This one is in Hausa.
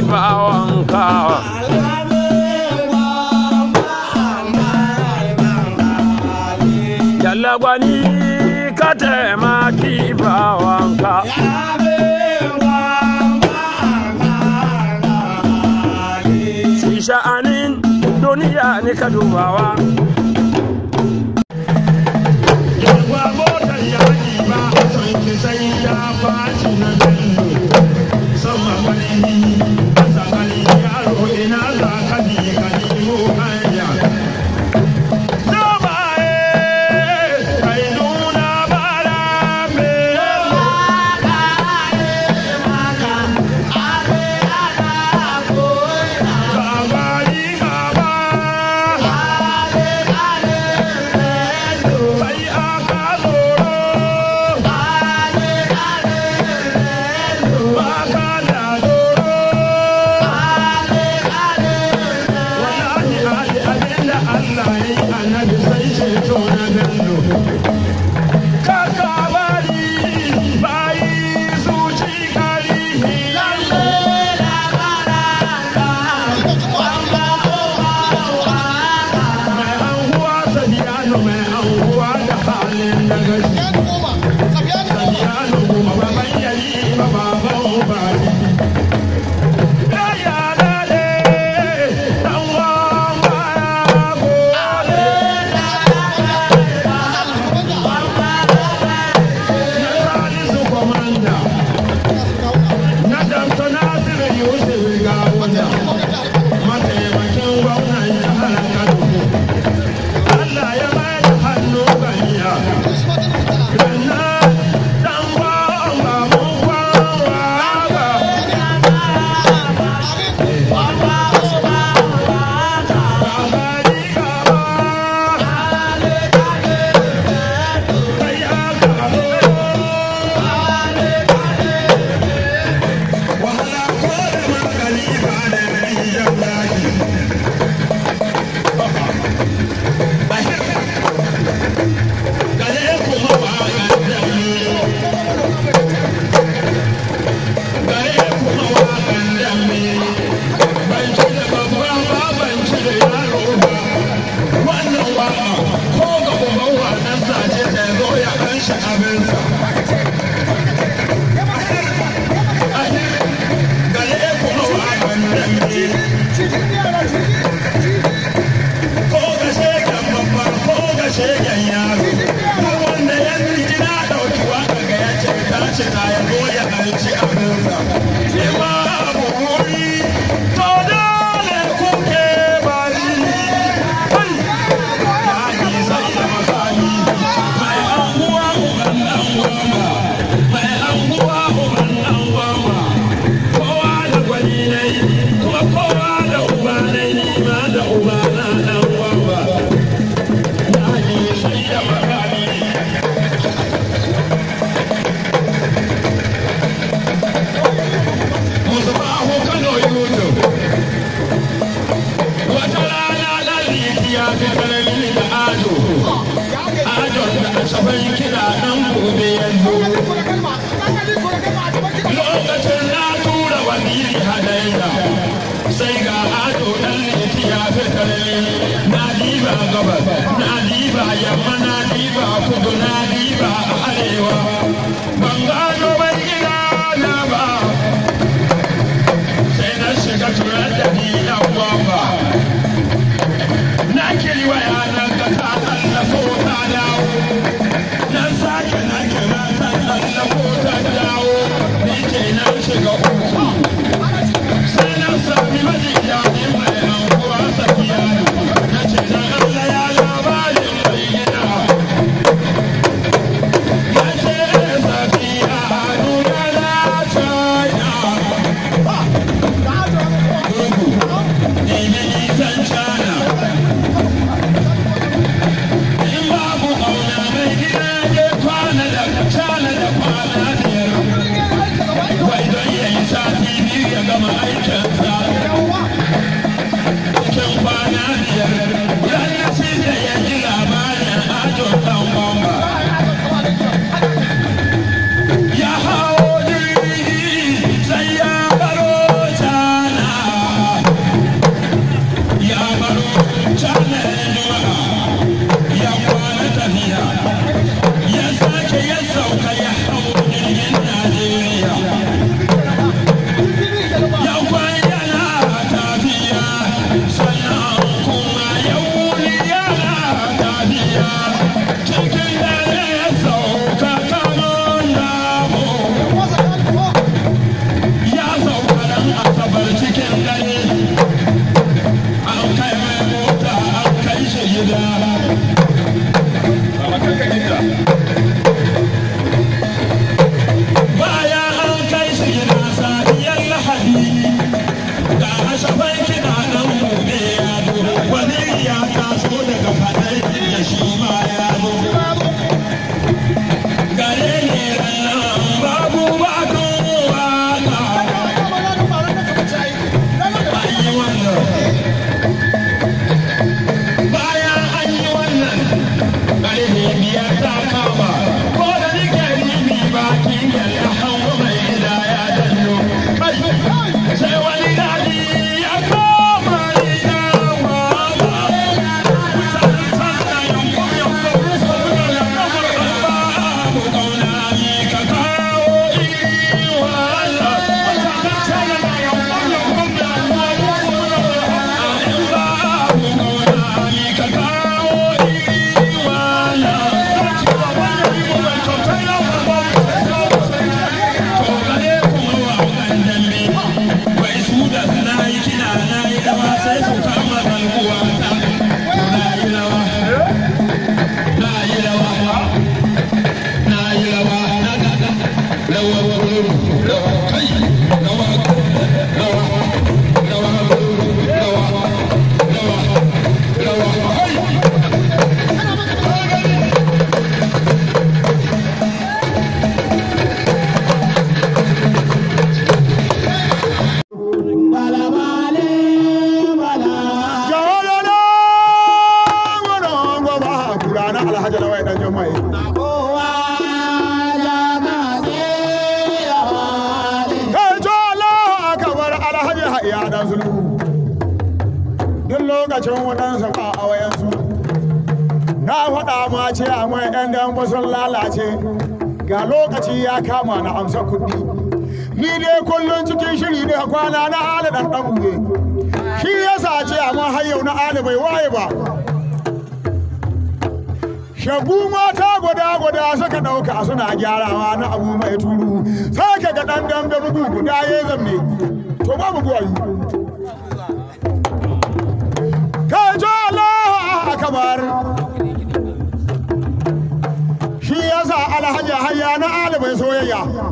mai bawan kawa Yalagwani ka taimaki bawanka. Shi sha'anin duniya ne ka dubawa. Yalwa motar yaƙi ba, son ki ya faci na dallo, Thank you. Safiyanu goma. Safiyanu goma. lokacin wadansu ba a wayansu na faɗa ma ce a mai ɗan sun lalace ga lokaci ya kama na amsa kuɗi ni dai kullum cikin shiri a kwana na ala ɗan ɗan buge shi ya sace amma har yau na ala bai waye ba shagu mata guda guda suka ɗauka suna gyarawa na abu mai turu sai ka ga ɗan dan da bugu guda ya zamne to babu buwayu na alibai soyayya